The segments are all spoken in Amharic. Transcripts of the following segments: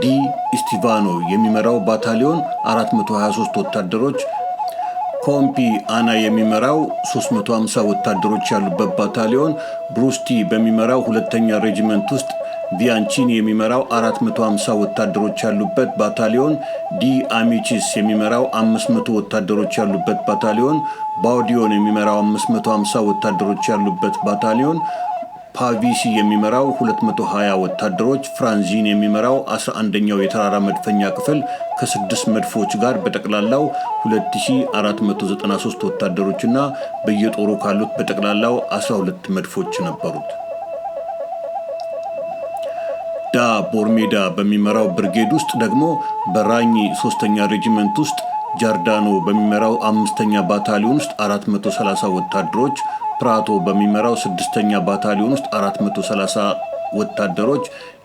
ዲ ኢስቲቫኖ የሚመራው ባታሊዮን 423 ወታደሮች፣ ኮምፒ አና የሚመራው 350 ወታደሮች ያሉበት ባታሊዮን ብሩስቲ በሚመራው ሁለተኛ ሬጅመንት ውስጥ ቪያንቺን የሚመራው 450 ወታደሮች ያሉበት ባታሊዮን፣ ዲ አሚቺስ የሚመራው 500 ወታደሮች ያሉበት ባታሊዮን፣ ባውዲዮን የሚመራው 550 ወታደሮች ያሉበት ባታሊዮን ፓልቪሲ የሚመራው 220 ወታደሮች ፍራንዚን የሚመራው 11ኛው የተራራ መድፈኛ ክፍል ከስድስት መድፎች ጋር በጠቅላላው 2493 ወታደሮችና በየጦሩ ካሉት በጠቅላላው 12 መድፎች ነበሩት። ዳ ቦርሜዳ በሚመራው ብርጌድ ውስጥ ደግሞ በራኚ ሶስተኛ ሬጂመንት ውስጥ ጃርዳኖ በሚመራው አምስተኛ ባታሊዮን ውስጥ 430 ወታደሮች ፕራቶ በሚመራው ስድስተኛ ባታሊዮን ውስጥ 430 ወታደሮች፣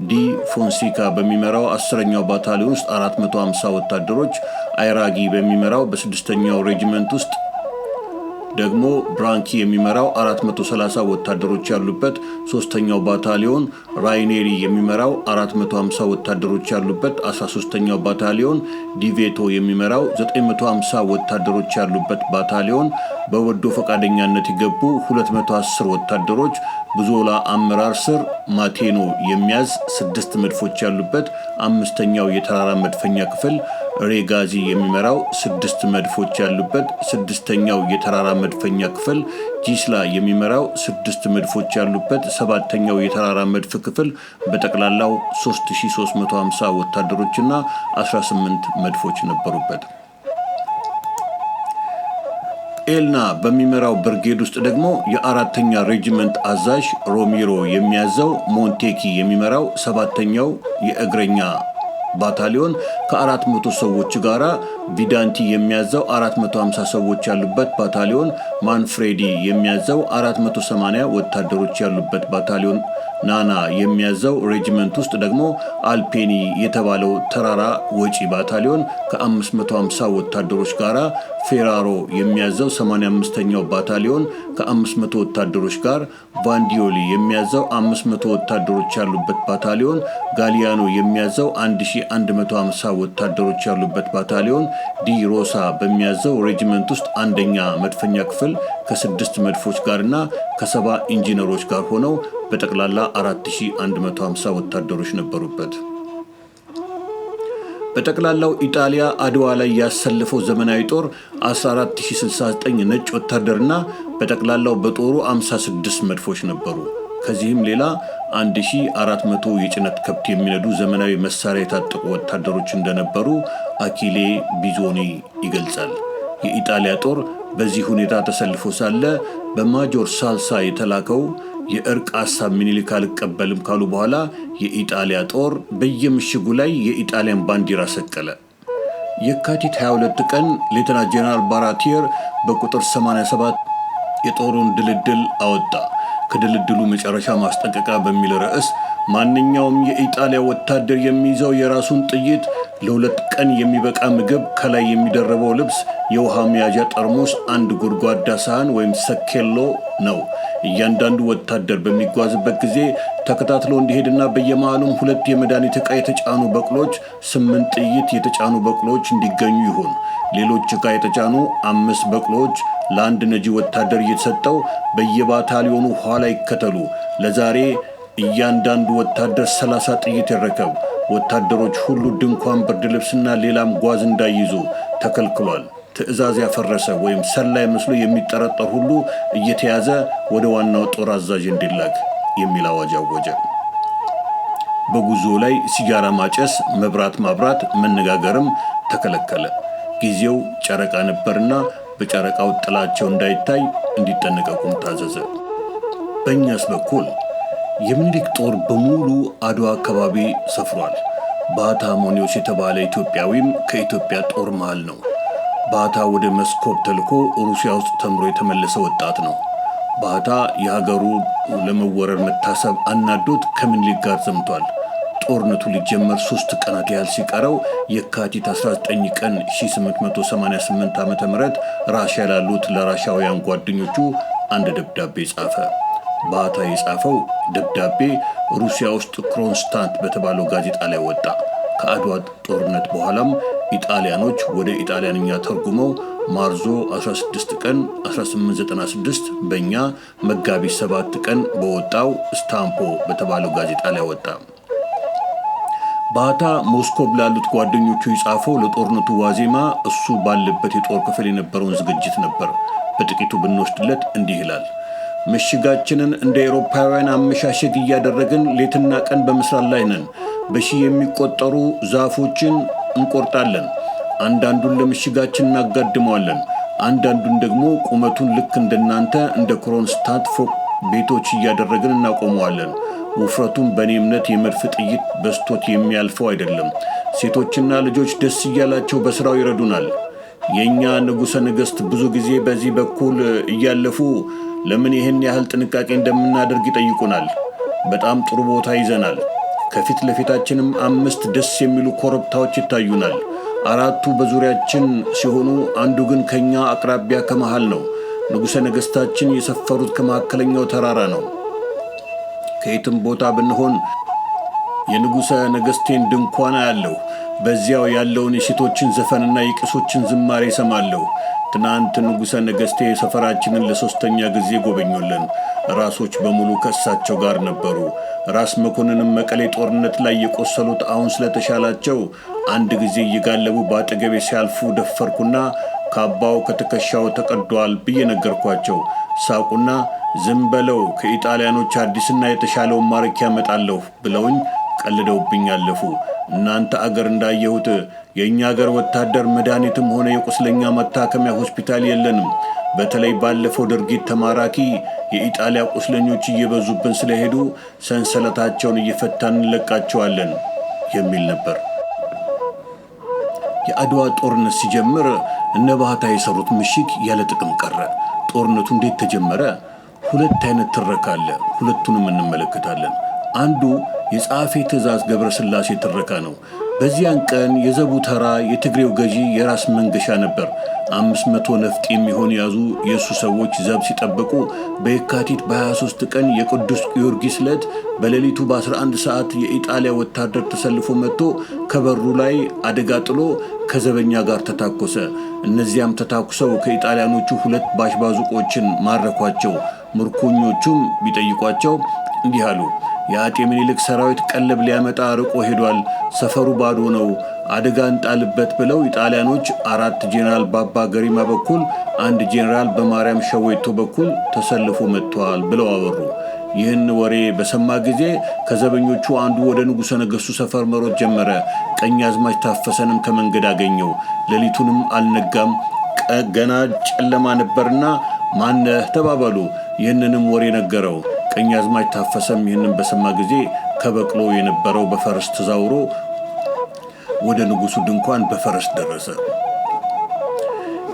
ዲ ፎንሲካ በሚመራው አስረኛው ባታሊዮን ውስጥ 450 ወታደሮች፣ አይራጊ በሚመራው በስድስተኛው ሬጅመንት ውስጥ ደግሞ ብራንኪ የሚመራው 430 ወታደሮች ያሉበት ሶስተኛው ባታሊዮን፣ ራይኔሪ የሚመራው 450 ወታደሮች ያሉበት 13ኛው ባታሊዮን፣ ዲቬቶ የሚመራው 950 ወታደሮች ያሉበት ባታሊዮን በወዶ ፈቃደኛነት የገቡ 210 ወታደሮች ብዞላ አመራር ስር ማቴኖ የሚያዝ ስድስት መድፎች ያሉበት አምስተኛው የተራራ መድፈኛ ክፍል ሬጋዚ የሚመራው ስድስት መድፎች ያሉበት ስድስተኛው የተራራ መድፈኛ ክፍል፣ ጂስላ የሚመራው ስድስት መድፎች ያሉበት ሰባተኛው የተራራ መድፍ ክፍል በጠቅላላው 3350 ወታደሮችና 18 መድፎች ነበሩበት። ኤልና በሚመራው ብርጌድ ውስጥ ደግሞ የአራተኛ ሬጅመንት አዛዥ ሮሚሮ የሚያዘው ሞንቴኪ የሚመራው ሰባተኛው የእግረኛ ባታሊዮን ከአራት መቶ ሰዎች ጋር ቪዳንቲ የሚያዘው 450 ሰዎች ያሉበት ባታሊዮን፣ ማንፍሬዲ የሚያዘው 480 ወታደሮች ያሉበት ባታሊዮን ናና የሚያዘው ሬጅመንት ውስጥ ደግሞ አልፔኒ የተባለው ተራራ ወጪ ባታሊዮን ከ550 ወታደሮች ጋር፣ ፌራሮ የሚያዘው 85ኛው ባታሊዮን ከ500 ወታደሮች ጋር፣ ቫንዲዮሊ የሚያዘው 500 ወታደሮች ያሉበት ባታሊዮን፣ ጋሊያኖ የሚያዘው 1150 ወታደሮች ያሉበት ባታሊዮን ዲ ሮሳ በሚያዘው ሬጅመንት ውስጥ አንደኛ መድፈኛ ክፍል ከስድስት መድፎች ጋርና ከሰባ ኢንጂነሮች ጋር ሆነው በጠቅላላ 4150 ወታደሮች ነበሩበት። በጠቅላላው ኢጣሊያ አድዋ ላይ ያሰለፈው ዘመናዊ ጦር 14069 ነጭ ወታደርና በጠቅላላው በጦሩ 56 መድፎች ነበሩ። ከዚህም ሌላ 1400 የጭነት ከብት የሚነዱ ዘመናዊ መሳሪያ የታጠቁ ወታደሮች እንደነበሩ አኪሌ ቢዞኒ ይገልጻል። የኢጣሊያ ጦር በዚህ ሁኔታ ተሰልፎ ሳለ በማጆር ሳልሳ የተላከው የእርቅ ሀሳብ ምኒልክ አልቀበልም ካሉ በኋላ የኢጣሊያ ጦር በየምሽጉ ላይ የኢጣሊያን ባንዲራ ሰቀለ። የካቲት 22 ቀን ሌተና ጄኔራል ባራቲየር በቁጥር 87 የጦሩን ድልድል አወጣ። ከድልድሉ መጨረሻ ማስጠንቀቂያ በሚል ርዕስ ማንኛውም የኢጣሊያ ወታደር የሚይዘው የራሱን ጥይት፣ ለሁለት ቀን የሚበቃ ምግብ፣ ከላይ የሚደረበው ልብስ፣ የውሃ መያዣ ጠርሙስ፣ አንድ ጎድጓዳ ሳህን ወይም ሰኬሎ ነው። እያንዳንዱ ወታደር በሚጓዝበት ጊዜ ተከታትሎ እንዲሄድና በየመሃሉም ሁለት የመድኃኒት ዕቃ የተጫኑ በቅሎች፣ ስምንት ጥይት የተጫኑ በቅሎች እንዲገኙ ይሁን። ሌሎች ዕቃ የተጫኑ አምስት በቅሎዎች ለአንድ ነጂ ወታደር እየተሰጠው በየባታሊዮኑ ኋላ ይከተሉ። ለዛሬ እያንዳንዱ ወታደር ሰላሳ ጥይት ይረከብ። ወታደሮች ሁሉ ድንኳን፣ ብርድ ልብስና ሌላም ጓዝ እንዳይይዙ ተከልክሏል። ትዕዛዝ ያፈረሰ ወይም ሰላይ መስሎ የሚጠረጠር ሁሉ እየተያዘ ወደ ዋናው ጦር አዛዥ እንዲላክ የሚል አዋጅ አወጀ። በጉዞ ላይ ሲጋራ ማጨስ፣ መብራት ማብራት፣ መነጋገርም ተከለከለ። ጊዜው ጨረቃ ነበርና በጨረቃው ጥላቸው እንዳይታይ እንዲጠነቀቁም ታዘዘ። በእኛስ በኩል የምኒልክ ጦር በሙሉ አድዋ አካባቢ ሰፍሯል። ባታ ሞኒዮስ የተባለ ኢትዮጵያዊም ከኢትዮጵያ ጦር መሃል ነው። ባታ ወደ መስኮብ ተልኮ ሩሲያ ውስጥ ተምሮ የተመለሰ ወጣት ነው። ባታ የሀገሩ ለመወረር መታሰብ አናዶት ከምኒልክ ጋር ዘምቷል። ጦርነቱ ሊጀመር ሶስት ቀናት ያህል ሲቀረው የካቲት 19 ቀን 1888 ዓ ም ራሽያ ላሉት ለራሻውያን ጓደኞቹ አንድ ደብዳቤ ጻፈ። ባታ የጻፈው ደብዳቤ ሩሲያ ውስጥ ክሮንስታንት በተባለው ጋዜጣ ላይ ወጣ። ከአድዋ ጦርነት በኋላም ኢጣሊያኖች ወደ ኢጣሊያንኛ ተርጉመው ማርዞ 16 ቀን 1896 በእኛ መጋቢት 7 ቀን በወጣው ስታምፖ በተባለው ጋዜጣ ላይ ወጣ። ባታ ሞስኮቭ ላሉት ጓደኞቹ የጻፈው ለጦርነቱ ዋዜማ እሱ ባለበት የጦር ክፍል የነበረውን ዝግጅት ነበር። በጥቂቱ ብንወስድለት እንዲህ ይላል። ምሽጋችንን እንደ ኤሮፓውያን አመሻሸግ እያደረግን ሌትና ቀን በመስራት ላይ ነን። በሺህ የሚቆጠሩ ዛፎችን እንቆርጣለን። አንዳንዱን ለምሽጋችን እናጋድመዋለን። አንዳንዱን ደግሞ ቁመቱን ልክ እንደናንተ እንደ ክሮንስታት ፎቅ ቤቶች እያደረግን እናቆመዋለን። ውፍረቱም በእኔ እምነት የመድፍ ጥይት በስቶት የሚያልፈው አይደለም። ሴቶችና ልጆች ደስ እያላቸው በሥራው ይረዱናል። የእኛ ንጉሠ ነገሥት ብዙ ጊዜ በዚህ በኩል እያለፉ ለምን ይህን ያህል ጥንቃቄ እንደምናደርግ ይጠይቁናል። በጣም ጥሩ ቦታ ይዘናል። ከፊት ለፊታችንም አምስት ደስ የሚሉ ኮረብታዎች ይታዩናል። አራቱ በዙሪያችን ሲሆኑ አንዱ ግን ከእኛ አቅራቢያ ከመሃል ነው። ንጉሠ ነገሥታችን የሰፈሩት ከመካከለኛው ተራራ ነው። ከየትም ቦታ ብንሆን የንጉሠ ነገሥቴን ድንኳን አያለሁ። በዚያው ያለውን የሴቶችን ዘፈንና የቄሶችን ዝማሬ ሰማለሁ። ትናንት ንጉሠ ነገሥቴ ሰፈራችንን ለሦስተኛ ጊዜ ጎበኙልን። ራሶች በሙሉ ከእሳቸው ጋር ነበሩ። ራስ መኮንንም መቀሌ ጦርነት ላይ የቆሰሉት አሁን ስለተሻላቸው አንድ ጊዜ እየጋለቡ በአጠገቤ ሲያልፉ ደፈርኩና ካባው ከትከሻው ተቀዷል ብዬ ነገርኳቸው። ሳቁና ዝም በለው ከኢጣሊያኖች አዲስና የተሻለውን ማረኪ ያመጣለሁ ብለውኝ ቀልደውብኝ አለፉ። እናንተ አገር እንዳየሁት የእኛ አገር ወታደር መድኃኒትም ሆነ የቁስለኛ መታከሚያ ሆስፒታል የለንም። በተለይ ባለፈው ድርጊት ተማራኪ የኢጣሊያ ቁስለኞች እየበዙብን ስለሄዱ ሰንሰለታቸውን እየፈታን እንለቃቸዋለን የሚል ነበር። የአድዋ ጦርነት ሲጀምር እነ ባህታ የሰሩት ምሽግ ያለ ጥቅም ቀረ። ጦርነቱ እንዴት ተጀመረ? ሁለት አይነት ትረካ አለ። ሁለቱንም እንመለከታለን። አንዱ የጸሐፌ ትእዛዝ ስላሴ ትረካ ነው። በዚያን ቀን የዘቡ ተራ የትግሬው ገዢ የራስ መንገሻ ነበር። አምስት መቶ ነፍጥ የሚሆን የያዙ የእሱ ሰዎች ዘብ ሲጠብቁ በየካቲት በ23 ቀን የቅዱስ ጊዮርጊስ ዕለት በሌሊቱ በ11 ሰዓት የኢጣሊያ ወታደር ተሰልፎ መጥቶ ከበሩ ላይ አደጋ ጥሎ ከዘበኛ ጋር ተታኮሰ። እነዚያም ተታኩሰው ከኢጣሊያኖቹ ሁለት ባሽባዙቆችን ማረኳቸው። ምርኮኞቹም ቢጠይቋቸው እንዲህ አሉ። የአጤ ምኒልክ ሰራዊት ቀለብ ሊያመጣ ርቆ ሄዷል። ሰፈሩ ባዶ ነው። አደጋ እንጣልበት ብለው ኢጣሊያኖች አራት ጄኔራል ባባ ገሪማ በኩል፣ አንድ ጄኔራል በማርያም ሸወይቶ በኩል ተሰልፎ መጥተዋል ብለው አወሩ። ይህን ወሬ በሰማ ጊዜ ከዘበኞቹ አንዱ ወደ ንጉሠ ነገሥቱ ሰፈር መሮጥ ጀመረ። ቀኝ አዝማች ታፈሰንም ከመንገድ አገኘው። ሌሊቱንም አልነጋም፣ ገና ጨለማ ነበርና ማነህ ተባባሉ። ይህንንም ወሬ ነገረው። አዝማች ታፈሰም ይህንን በሰማ ጊዜ ከበቅሎ የነበረው በፈረስ ተዛውሮ ወደ ንጉሱ ድንኳን በፈረስ ደረሰ።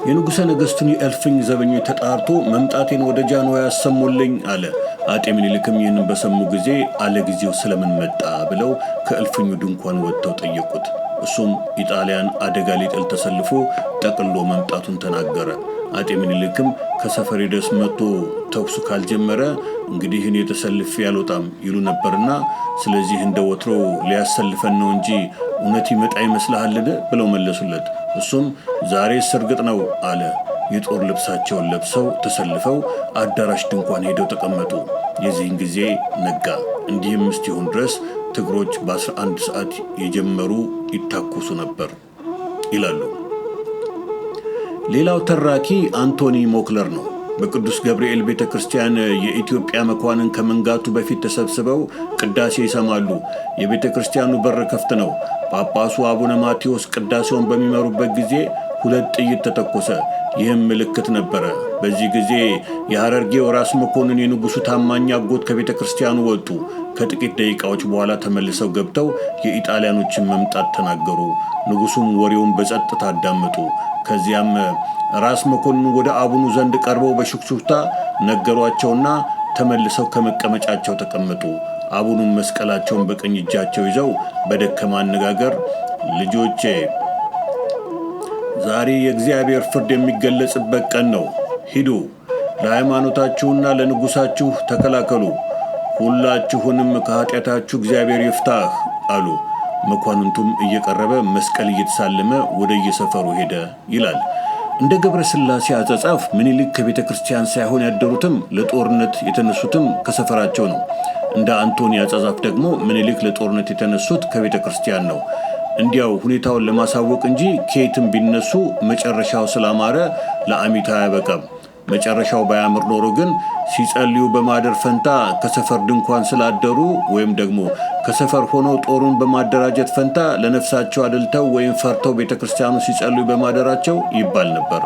የንጉሠ ነገሥቱን የእልፍኝ ዘበኞች ተጣርቶ መምጣቴን ወደ ጃንሆይ ያሰሙልኝ አለ። አጤ ምኒልክም ይህንን በሰሙ ጊዜ አለ ጊዜው ስለምን መጣ ብለው ከእልፍኙ ድንኳን ወጥተው ጠየቁት። እሱም ኢጣሊያን አደጋ ሊጥል ተሰልፎ ጠቅሎ መምጣቱን ተናገረ። አጤ ምኒልክም ከሰፈር ደስ መጥቶ ተኩሱ ካልጀመረ እንግዲህ እኔ ተሰልፌ አልወጣም ይሉ ነበርና ስለዚህ እንደ ወትሮ ሊያሰልፈን ነው እንጂ እውነት ይመጣ ይመስልሃልን ብለው መለሱለት። እሱም ዛሬ ስርግጥ ነው አለ። የጦር ልብሳቸውን ለብሰው ተሰልፈው አዳራሽ ድንኳን ሄደው ተቀመጡ። የዚህን ጊዜ ነጋ። እንዲህም እስኪሆን ድረስ ትግሮች በ11 ሰዓት የጀመሩ ይታኮሱ ነበር ይላሉ። ሌላው ተራኪ አንቶኒ ሞክለር ነው። በቅዱስ ገብርኤል ቤተ ክርስቲያን የኢትዮጵያ መኳንን ከመንጋቱ በፊት ተሰብስበው ቅዳሴ ይሰማሉ። የቤተ ክርስቲያኑ በር ክፍት ነው። ጳጳሱ አቡነ ማቴዎስ ቅዳሴውን በሚመሩበት ጊዜ ሁለት ጥይት ተተኮሰ። ይህም ምልክት ነበረ። በዚህ ጊዜ የሐረርጌው ራስ መኮንን የንጉሡ ታማኝ አጎት ከቤተ ክርስቲያኑ ወጡ። ከጥቂት ደቂቃዎች በኋላ ተመልሰው ገብተው የኢጣሊያኖችን መምጣት ተናገሩ። ንጉሡም ወሬውን በጸጥታ አዳመጡ። ከዚያም ራስ መኮንን ወደ አቡኑ ዘንድ ቀርበው በሹክሹክታ ነገሯቸውና ተመልሰው ከመቀመጫቸው ተቀመጡ። አቡኑን መስቀላቸውን በቀኝ እጃቸው ይዘው በደከማ አነጋገር ልጆቼ ዛሬ የእግዚአብሔር ፍርድ የሚገለጽበት ቀን ነው። ሂዱ፣ ለሃይማኖታችሁና ለንጉሳችሁ ተከላከሉ። ሁላችሁንም ከኃጢአታችሁ እግዚአብሔር ይፍታህ አሉ። መኳንንቱም እየቀረበ መስቀል እየተሳለመ ወደ እየሰፈሩ ሄደ ይላል። እንደ ገብረ ሥላሴ አጻጻፍ ምኒልክ ከቤተ ክርስቲያን ሳይሆን ያደሩትም ለጦርነት የተነሱትም ከሰፈራቸው ነው። እንደ አንቶኒ አጸጻፍ ደግሞ ምኒልክ ለጦርነት የተነሱት ከቤተ ክርስቲያን ነው። እንዲያው ሁኔታውን ለማሳወቅ እንጂ ከየትም ቢነሱ መጨረሻው ስላማረ ለአሚታ አያበቃም። መጨረሻው ባያምር ኖሮ ግን ሲጸልዩ በማደር ፈንታ ከሰፈር ድንኳን ስላደሩ ወይም ደግሞ ከሰፈር ሆኖ ጦሩን በማደራጀት ፈንታ ለነፍሳቸው አድልተው ወይም ፈርተው ቤተ ክርስቲያኑ ሲጸልዩ በማደራቸው ይባል ነበር።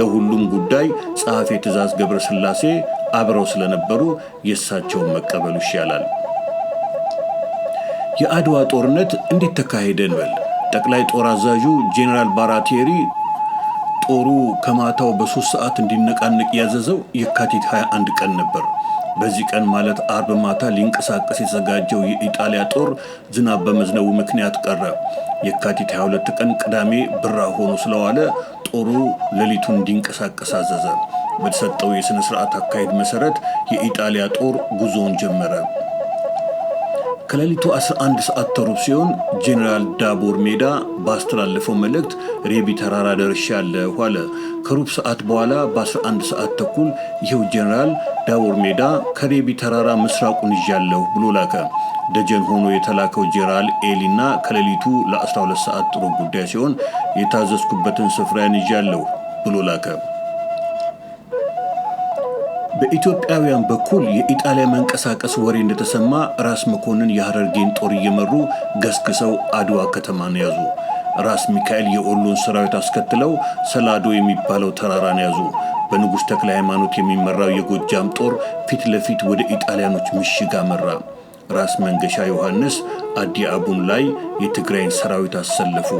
ለሁሉም ጉዳይ ጸሐፌ ትእዛዝ ገብረ ስላሴ አብረው ስለነበሩ የእሳቸውን መቀበሉ ይሻላል። የአድዋ ጦርነት እንዴት ተካሄደ እንበል። ጠቅላይ ጦር አዛዡ ጄኔራል ባራቴሪ ጦሩ ከማታው በሶስት ሰዓት እንዲነቃነቅ ያዘዘው የካቲት 21 ቀን ነበር። በዚህ ቀን ማለት አርብ ማታ ሊንቀሳቀስ የተዘጋጀው የኢጣሊያ ጦር ዝናብ በመዝነቡ ምክንያት ቀረ። የካቲት 22 ቀን ቅዳሜ ብራ ሆኖ ስለዋለ ጦሩ ሌሊቱን እንዲንቀሳቀስ አዘዘ። በተሰጠው የሥነ ሥርዓት አካሄድ መሠረት የኢጣሊያ ጦር ጉዞውን ጀመረ። ከሌሊቱ 11 ሰዓት ተሩብ ሲሆን ጄኔራል ዳቦር ሜዳ ባስተላለፈው መልእክት ሬቢ ተራራ ደርሻለሁ አለ። ከሩብ ሰዓት በኋላ በ11 ሰዓት ተኩል ይኸው ጄኔራል ዳቦር ሜዳ ከሬቢ ተራራ ምስራቁን ይዣለሁ ብሎ ላከ። ደጀን ሆኖ የተላከው ጄኔራል ኤሊና ከሌሊቱ ለ12 ሰዓት ጥሩ ጉዳይ ሲሆን የታዘዝኩበትን ስፍራን ይዣለሁ ብሎ ላከ። በኢትዮጵያውያን በኩል የኢጣሊያ መንቀሳቀስ ወሬ እንደተሰማ ራስ መኮንን የሐረርጌን ጦር እየመሩ ገስግሰው አድዋ ከተማን ያዙ። ራስ ሚካኤል የኦሎን ሰራዊት አስከትለው ሰላዶ የሚባለው ተራራን ያዙ። በንጉሥ ተክለ ሃይማኖት የሚመራው የጎጃም ጦር ፊት ለፊት ወደ ኢጣሊያኖች ምሽግ አመራ። ራስ መንገሻ ዮሐንስ አዲ አቡን ላይ የትግራይን ሰራዊት አሰለፉ።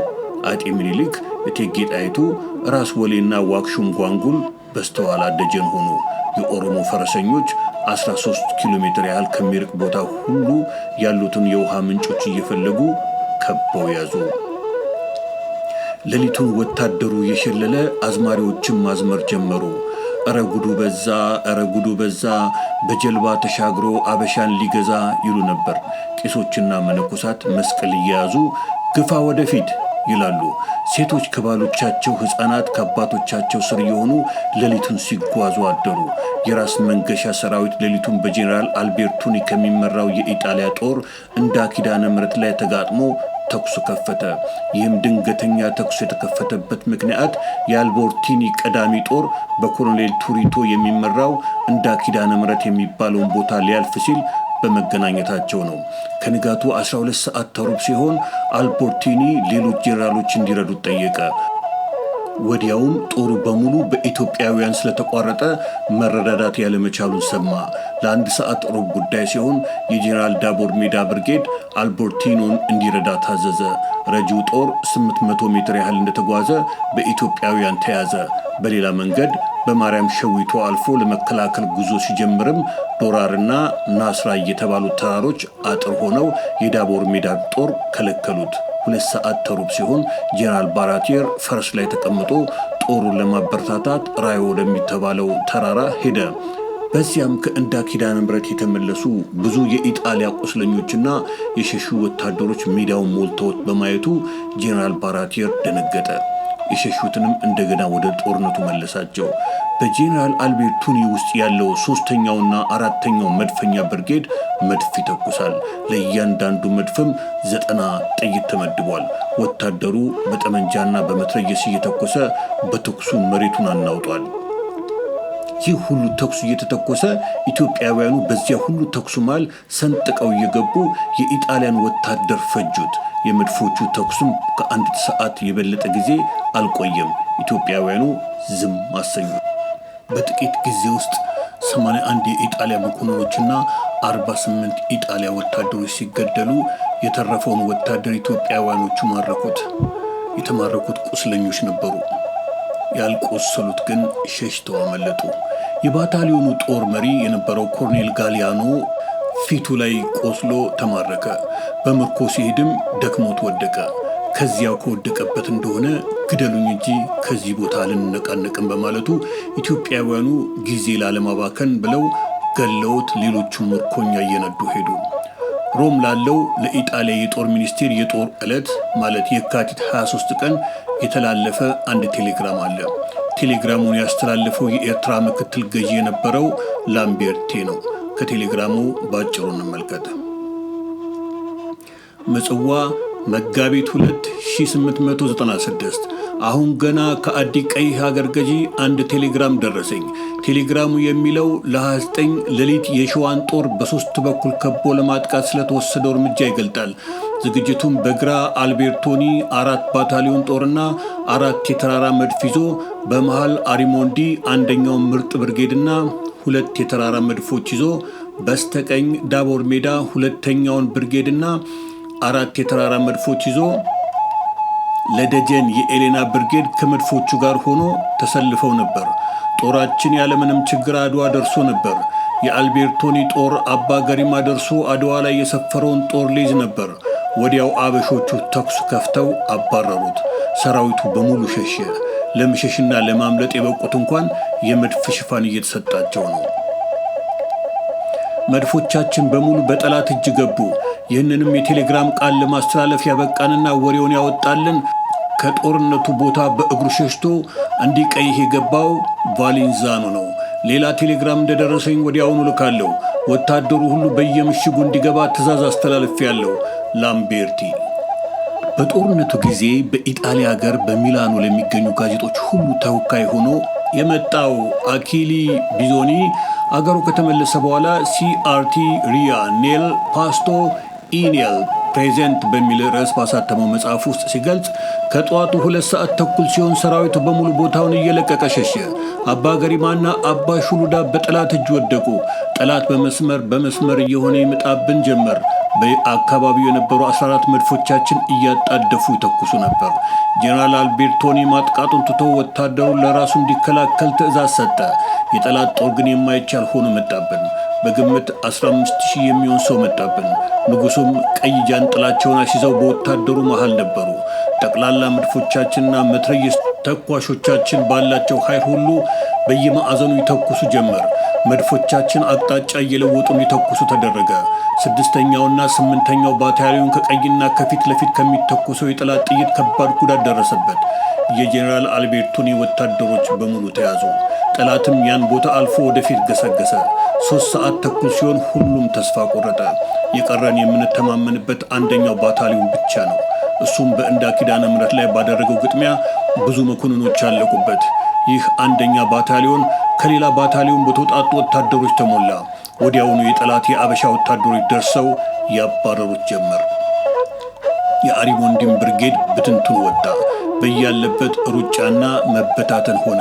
አጤ ምኒልክ፣ እቴጌ ጣይቱ፣ ራስ ወሌና ዋክሹም ጓንጉል በስተኋላ ደጀን ሆኑ። የኦሮሞ ፈረሰኞች 13 ኪሎ ሜትር ያህል ከሚርቅ ቦታ ሁሉ ያሉትን የውሃ ምንጮች እየፈለጉ ከበው ያዙ። ሌሊቱን ወታደሩ የሸለለ፣ አዝማሪዎችም ማዝመር ጀመሩ። እረ ጉዱ በዛ፣ እረ ጉዱ በዛ፣ በጀልባ ተሻግሮ አበሻን ሊገዛ ይሉ ነበር። ቄሶችና መነኮሳት መስቀል እየያዙ ግፋ ወደፊት ይላሉ። ሴቶች ከባሎቻቸው፣ ሕፃናት ከአባቶቻቸው ስር የሆኑ ሌሊቱን ሲጓዙ አደሩ። የራስ መንገሻ ሰራዊት ሌሊቱን በጄኔራል አልቤርቱኒ ከሚመራው የኢጣሊያ ጦር እንዳ ኪዳነ ምረት ላይ ተጋጥሞ ተኩስ ከፈተ። ይህም ድንገተኛ ተኩስ የተከፈተበት ምክንያት የአልቦርቲኒ ቀዳሚ ጦር በኮሎኔል ቱሪቶ የሚመራው እንዳ ኪዳነ ምረት የሚባለውን ቦታ ሊያልፍ ሲል በመገናኘታቸው ነው። ከንጋቱ 12 ሰዓት ተሩብ ሲሆን አልቦርቲኒ ሌሎች ጄኔራሎች እንዲረዱት ጠየቀ። ወዲያውም ጦሩ በሙሉ በኢትዮጵያውያን ስለተቋረጠ መረዳዳት ያለመቻሉን ሰማ። ለአንድ ሰዓት ሩብ ጉዳይ ሲሆን የጄኔራል ዳቦር ሜዳ ብርጌድ አልቦርቲኖን እንዲረዳ ታዘዘ። ረጂው ጦር 800 ሜትር ያህል እንደተጓዘ በኢትዮጵያውያን ተያዘ። በሌላ መንገድ በማርያም ሸዊቶ አልፎ ለመከላከል ጉዞ ሲጀምርም ዶራርና ናስራ የተባሉት ተራሮች አጥር ሆነው የዳቦር ሜዳን ጦር ከለከሉት። ሁለት ሰዓት ተሩብ ሲሆን ጄኔራል ባራቴር ፈረስ ላይ ተቀምጦ ጦሩን ለማበረታታት ራዮ ወደሚተባለው ተራራ ሄደ። በዚያም ከእንዳ ኪዳነ ምሕረት የተመለሱ ብዙ የኢጣሊያ ቁስለኞችና የሸሹ ወታደሮች ሜዳውን ሞልተውት በማየቱ ጄኔራል ባራቴር ደነገጠ። የሸሹትንም እንደገና ወደ ጦርነቱ መለሳቸው። በጄኔራል አልቤርቱኒ ውስጥ ያለው ሶስተኛውና አራተኛው መድፈኛ ብርጌድ መድፍ ይተኩሳል። ለእያንዳንዱ መድፍም ዘጠና ጥይት ተመድቧል። ወታደሩ በጠመንጃና በመትረየስ እየተኮሰ በተኩሱ መሬቱን አናውጧል። ይህ ሁሉ ተኩስ እየተተኮሰ ኢትዮጵያውያኑ በዚያ ሁሉ ተኩሱ መሃል ሰንጥቀው እየገቡ የኢጣሊያን ወታደር ፈጁት። የመድፎቹ ተኩስም ከአንድ ሰዓት የበለጠ ጊዜ አልቆየም። ኢትዮጵያውያኑ ዝም አሰኙ። በጥቂት ጊዜ ውስጥ 81 የኢጣሊያ መኮንኖችና 48 ኢጣሊያ ወታደሮች ሲገደሉ የተረፈውን ወታደር ኢትዮጵያውያኖቹ ማረኩት። የተማረኩት ቁስለኞች ነበሩ። ያልቆሰሉት ግን ሸሽተው አመለጡ። የባታሊዮኑ ጦር መሪ የነበረው ኮርኔል ጋሊያኖ ፊቱ ላይ ቆስሎ ተማረከ። በምርኮ ሲሄድም ደክሞት ወደቀ። ከዚያው ከወደቀበት እንደሆነ ግደሉኝ እንጂ ከዚህ ቦታ አልነቃነቅም በማለቱ ኢትዮጵያውያኑ ጊዜ ላለማባከን ብለው ገለውት፣ ሌሎቹ ምርኮኛ እየነዱ ሄዱ። ሮም ላለው ለኢጣሊያ የጦር ሚኒስቴር የጦር ዕለት ማለት የካቲት 23 ቀን የተላለፈ አንድ ቴሌግራም አለ። ቴሌግራሙን ያስተላለፈው የኤርትራ ምክትል ገዢ የነበረው ላምቤርቴ ነው። ከቴሌግራሙ ባጭሩ እንመልከት። ምጽዋ መጋቢት 2896 አሁን ገና ከአዲ ቀይ ሀገር ገዢ አንድ ቴሌግራም ደረሰኝ። ቴሌግራሙ የሚለው ለ29 ሌሊት የሸዋን ጦር በሦስት በኩል ከቦ ለማጥቃት ስለተወሰደው እርምጃ ይገልጣል። ዝግጅቱም በግራ አልቤርቶኒ አራት ባታሊዮን ጦርና አራት የተራራ መድፍ ይዞ በመሃል አሪሞንዲ አንደኛውን ምርጥ ብርጌድና ሁለት የተራራ መድፎች ይዞ በስተቀኝ ዳቦር ሜዳ ሁለተኛውን ብርጌድና አራት የተራራ መድፎች ይዞ ለደጀን የኤሌና ብርጌድ ከመድፎቹ ጋር ሆኖ ተሰልፈው ነበር። ጦራችን ያለምንም ችግር አድዋ ደርሶ ነበር። የአልቤርቶኒ ጦር አባ ገሪማ ደርሶ አድዋ ላይ የሰፈረውን ጦር ሊይዝ ነበር። ወዲያው አበሾቹ ተኩስ ከፍተው አባረሩት። ሰራዊቱ በሙሉ ሸሸ። ለመሸሽና ለማምለጥ የበቁት እንኳን የመድፍ ሽፋን እየተሰጣቸው ነው። መድፎቻችን በሙሉ በጠላት እጅ ገቡ። ይህንንም የቴሌግራም ቃል ለማስተላለፍ ያበቃንና ወሬውን ያወጣልን ከጦርነቱ ቦታ በእግሩ ሸሽቶ እንዲቀይህ የገባው ቫሊንዛኑ ነው። ሌላ ቴሌግራም እንደደረሰኝ ወዲያውኑ ልካለሁ። ወታደሩ ሁሉ በየምሽጉ እንዲገባ ትዕዛዝ አስተላልፌ ያለው ላምቤርቲ በጦርነቱ ጊዜ በኢጣሊያ ሀገር በሚላኖ ለሚገኙ ጋዜጦች ሁሉ ተወካይ ሆኖ የመጣው አኪሊ ቢዞኒ አገሩ ከተመለሰ በኋላ ሲአርቲ ሪያ ኔል ፓስቶ ኢኔል ፕሬዘንት በሚል ርዕስ ባሳተመው መጽሐፍ ውስጥ ሲገልጽ ከጠዋቱ ሁለት ሰዓት ተኩል ሲሆን ሰራዊቱ በሙሉ ቦታውን እየለቀቀ ሸሸ። አባ ገሪማና አባ ሹሉዳ በጠላት እጅ ወደቁ። ጠላት በመስመር በመስመር እየሆነ ይመጣብን ጀመር። በአካባቢው የነበሩ 14 መድፎቻችን እያጣደፉ ይተኩሱ ነበር። ጄኔራል አልቤርቶኒ ማጥቃቱን ትቶ ወታደሩን ለራሱ እንዲከላከል ትዕዛዝ ሰጠ። የጠላት ጦር ግን የማይቻል ሆኖ መጣብን። በግምት 15 የሚሆን ሰው መጣብን። ንጉሱም ቀይ ጃንጥላቸውን አስይዘው በወታደሩ መሃል ነበሩ። ጠቅላላ መድፎቻችንና መትረየስ ተኳሾቻችን ባላቸው ኃይል ሁሉ በየማዕዘኑ ይተኩሱ ጀመር። መድፎቻችን አቅጣጫ እየለወጡ እንዲተኩሱ ተደረገ። ስድስተኛውና ስምንተኛው ባታሊዮን ከቀይና ከፊት ለፊት ከሚተኮሰው የጠላት ጥይት ከባድ ጉዳት ደረሰበት። የጄኔራል አልቤርቱኒ ወታደሮች በሙሉ ተያዙ። ጠላትም ያን ቦታ አልፎ ወደፊት ገሰገሰ። ሦስት ሰዓት ተኩል ሲሆን ሁሉም ተስፋ ቆረጠ። የቀረን የምንተማመንበት አንደኛው ባታሊዮን ብቻ ነው። እሱም በእንዳ ኪዳነ ምረት ላይ ባደረገው ግጥሚያ ብዙ መኮንኖች ያለቁበት ይህ አንደኛ ባታሊዮን ከሌላ ባታሊዮን በተውጣጡ ወታደሮች ተሞላ። ወዲያውኑ የጠላት የአበሻ ወታደሮች ደርሰው ያባረሩት ጀመር። የአሪቦንዲም ብርጌድ ብትንትኑ ወጣ። በያለበት ሩጫና መበታተን ሆነ።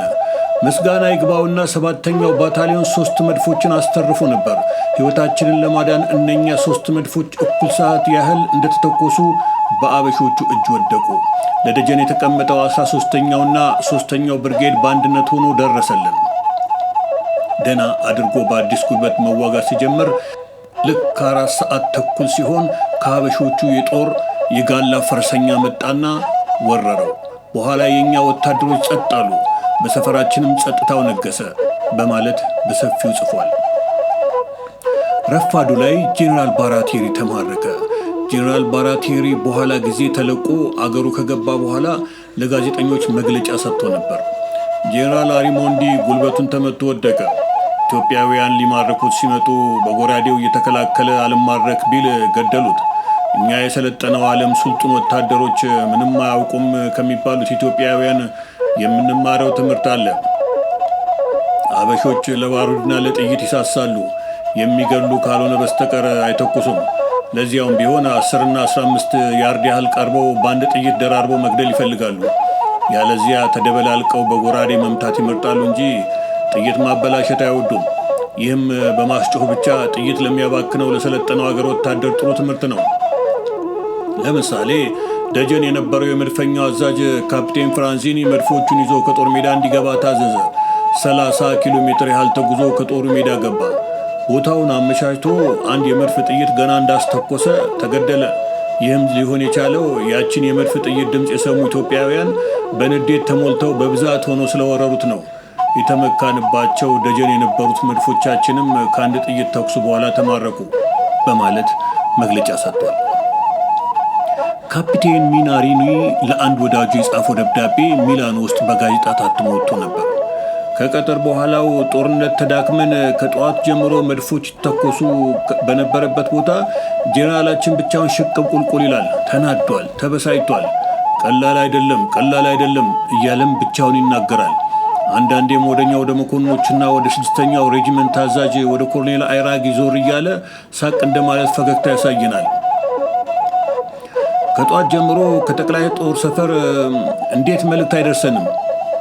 ምስጋና ይግባውና ሰባተኛው ባታሊዮን ሶስት መድፎችን አስተርፎ ነበር። ሕይወታችንን ለማዳን እነኛ ሶስት መድፎች እኩል ሰዓት ያህል እንደተተኮሱ በአበሾቹ እጅ ወደቁ። ለደጀን የተቀመጠው አስራ ሶስተኛውና ሶስተኛው ብርጌድ በአንድነት ሆኖ ደረሰልን። ደና አድርጎ በአዲስ ጉልበት መዋጋት ሲጀምር ልክ ከአራት ሰዓት ተኩል ሲሆን ከአበሾቹ የጦር የጋላ ፈረሰኛ መጣና ወረረው። በኋላ የእኛ ወታደሮች ጸጥ አሉ፣ በሰፈራችንም ጸጥታው ነገሰ በማለት በሰፊው ጽፏል። ረፋዱ ላይ ጄኔራል ባራቴሪ ተማረከ። ጄኔራል ባራቴሪ በኋላ ጊዜ ተለቆ አገሩ ከገባ በኋላ ለጋዜጠኞች መግለጫ ሰጥቶ ነበር። ጄኔራል አሪሞንዲ ጉልበቱን ተመቶ ወደቀ። ኢትዮጵያውያን ሊማርኩት ሲመጡ በጎራዴው እየተከላከለ አልማረክ ቢል ገደሉት። እኛ የሰለጠነው ዓለም ሱልጡን ወታደሮች ምንም አያውቁም ከሚባሉት ኢትዮጵያውያን የምንማረው ትምህርት አለ። አበሾች ለባሩድና ለጥይት ይሳሳሉ። የሚገሉ ካልሆነ በስተቀር አይተኩሱም። ለዚያውም ቢሆን አስርና አስራ አምስት ያርድ ያህል ቀርበው በአንድ ጥይት ደራርበው መግደል ይፈልጋሉ። ያለዚያ ተደበላልቀው በጎራዴ መምታት ይመርጣሉ እንጂ ጥይት ማበላሸት አይወዱም። ይህም በማስጮህ ብቻ ጥይት ለሚያባክነው ለሰለጠነው አገር ወታደር ጥሩ ትምህርት ነው። ለምሳሌ ደጀን የነበረው የመድፈኛው አዛዥ ካፕቴን ፍራንዚኒ መድፎቹን ይዞ ከጦር ሜዳ እንዲገባ ታዘዘ። 30 ኪሎ ሜትር ያህል ተጉዞ ከጦሩ ሜዳ ገባ። ቦታውን አመቻችቶ አንድ የመድፍ ጥይት ገና እንዳስተኮሰ ተገደለ። ይህም ሊሆን የቻለው ያችን የመድፍ ጥይት ድምፅ የሰሙ ኢትዮጵያውያን በንዴት ተሞልተው በብዛት ሆኖ ስለወረሩት ነው። የተመካንባቸው ደጀን የነበሩት መድፎቻችንም ከአንድ ጥይት ተኩስ በኋላ ተማረኩ በማለት መግለጫ ሰጥቷል። ካፒቴን ሚናሪኒ ለአንድ ወዳጁ የጻፈው ደብዳቤ ሚላን ውስጥ በጋዜጣ ታትሞ ወጥቶ ነበር። ከቀጠር በኋላው ጦርነት ተዳክመን ከጠዋት ጀምሮ መድፎች ይተኮሱ በነበረበት ቦታ ጄኔራላችን ብቻውን ሽቅብ ቁልቁል ይላል። ተናዷል፣ ተበሳጭቷል። ቀላል አይደለም፣ ቀላል አይደለም እያለም ብቻውን ይናገራል። አንዳንዴም ወደኛ ወደ መኮንኖችና ወደ ስድስተኛው ሬጂመንት ታዛዥ ወደ ኮሎኔል አይራግ ይዞር እያለ ሳቅ እንደማለት ፈገግታ ያሳየናል። ከጠዋት ጀምሮ ከጠቅላይ ጦር ሰፈር እንዴት መልእክት አይደርሰንም?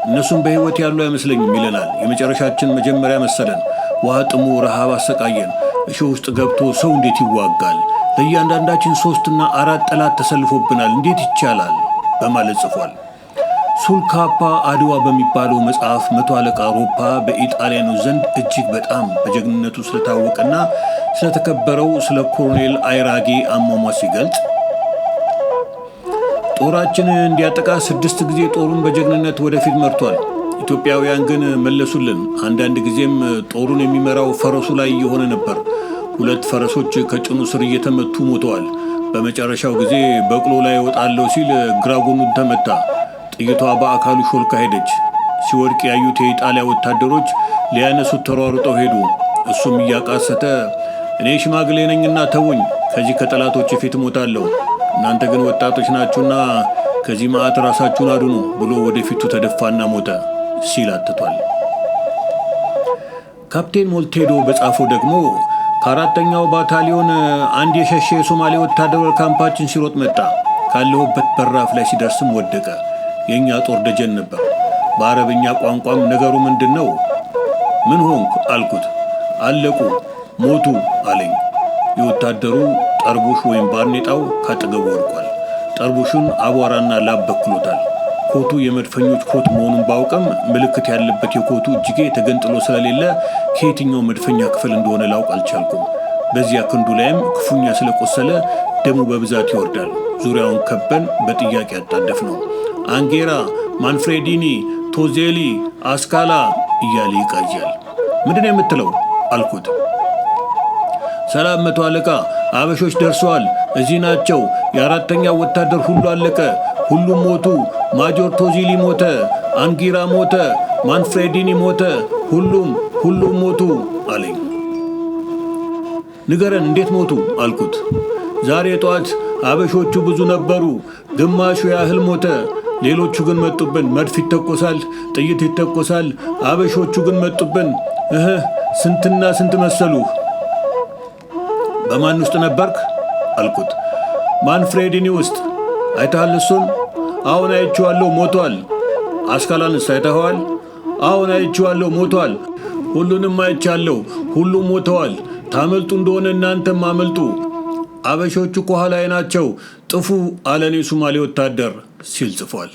እነሱም በሕይወት ያሉ አይመስለኝም ይለናል። የመጨረሻችን መጀመሪያ መሰለን። ውሃ ጥሙ፣ ረሃብ አሰቃየን። እሾህ ውስጥ ገብቶ ሰው እንዴት ይዋጋል? ለእያንዳንዳችን ሦስትና አራት ጠላት ተሰልፎብናል። እንዴት ይቻላል? በማለት ጽፏል። ሱልካፓ አድዋ በሚባለው መጽሐፍ መቶ አለቃ ሮፓ በኢጣሊያኑ ዘንድ እጅግ በጣም በጀግንነቱ ስለታወቀና ስለተከበረው ስለ ኮሎኔል አይራጌ አሟሟት ሲገልጽ ጦራችን እንዲያጠቃ ስድስት ጊዜ ጦሩን በጀግንነት ወደፊት መርቷል። ኢትዮጵያውያን ግን መለሱልን። አንዳንድ ጊዜም ጦሩን የሚመራው ፈረሱ ላይ የሆነ ነበር። ሁለት ፈረሶች ከጭኑ ስር እየተመቱ ሞተዋል። በመጨረሻው ጊዜ በቅሎ ላይ እወጣለሁ ሲል ግራ ጎኑን ተመታ። ጥይቷ በአካሉ ሾልካ ሄደች። ሲወድቅ ያዩት የኢጣሊያ ወታደሮች ሊያነሱት ተሯሩጠው ሄዱ። እሱም እያቃሰተ እኔ ሽማግሌ ነኝና ተውኝ፣ ከዚህ ከጠላቶች ፊት እሞታለሁ እናንተ ግን ወጣቶች ናችሁና ከዚህ መዓት ራሳችሁን አድኑ ብሎ ወደፊቱ ተደፋና ሞተ ሲል አትቷል። ካፕቴን ሞልቴዶ በጻፈው ደግሞ ከአራተኛው ባታሊዮን አንድ የሸሸ የሶማሌ ወታደር ካምፓችን ሲሮጥ መጣ። ካለሁበት በራፍ ላይ ሲደርስም ወደቀ። የእኛ ጦር ደጀን ነበር። በአረብኛ ቋንቋም ነገሩ ምንድን ነው? ምን ሆንክ አልኩት። አለቁ፣ ሞቱ አለኝ። የወታደሩ ጠርቡሽ ወይም ባርኔጣው ከአጠገቡ ወድቋል። ጠርቡሹን አቧራና ላብ በክሎታል። ኮቱ የመድፈኞች ኮት መሆኑን ባውቅም ምልክት ያለበት የኮቱ እጅጌ ተገንጥሎ ስለሌለ ከየትኛው መድፈኛ ክፍል እንደሆነ ላውቅ አልቻልኩም። በዚያ ክንዱ ላይም ክፉኛ ስለቆሰለ ደሙ በብዛት ይወርዳል። ዙሪያውን ከበን በጥያቄ ያጣደፍ ነው። አንጌራ፣ ማንፍሬዲኒ፣ ቶዜሊ፣ አስካላ እያለ ይቃያል። ምንድን ነው የምትለው አልኩት። ሰላም መቶ አለቃ አበሾች ደርሰዋል፣ እዚህ ናቸው። የአራተኛው ወታደር ሁሉ አለቀ፣ ሁሉም ሞቱ። ማጆር ቶዚሊ ሞተ፣ አንጊራ ሞተ፣ ማንፍሬዲኒ ሞተ፣ ሁሉም ሁሉም ሞቱ አለኝ። ንገረን እንዴት ሞቱ አልኩት። ዛሬ ጠዋት አበሾቹ ብዙ ነበሩ፣ ግማሹ ያህል ሞተ። ሌሎቹ ግን መጡብን። መድፍ ይተኮሳል፣ ጥይት ይተኮሳል። አበሾቹ ግን መጡብን። እህ ስንትና ስንት መሰሉ። በማን ውስጥ ነበርክ አልኩት። ማንፍሬዲኒ ውስጥ አይተሃል? እሱን አሁን አይቼዋለሁ፣ ሞቷል። አስካላንስ አይተኸዋል? አሁን አይቼዋለሁ፣ ሞቷል። ሁሉንም አይቻለሁ፣ ሁሉም ሞተዋል። ታመልጡ እንደሆነ እናንተም አመልጡ፣ አበሾቹ ከኋላዬ ናቸው፣ ጥፉ አለኔ ሱማሌ ወታደር ሲል ጽፏል።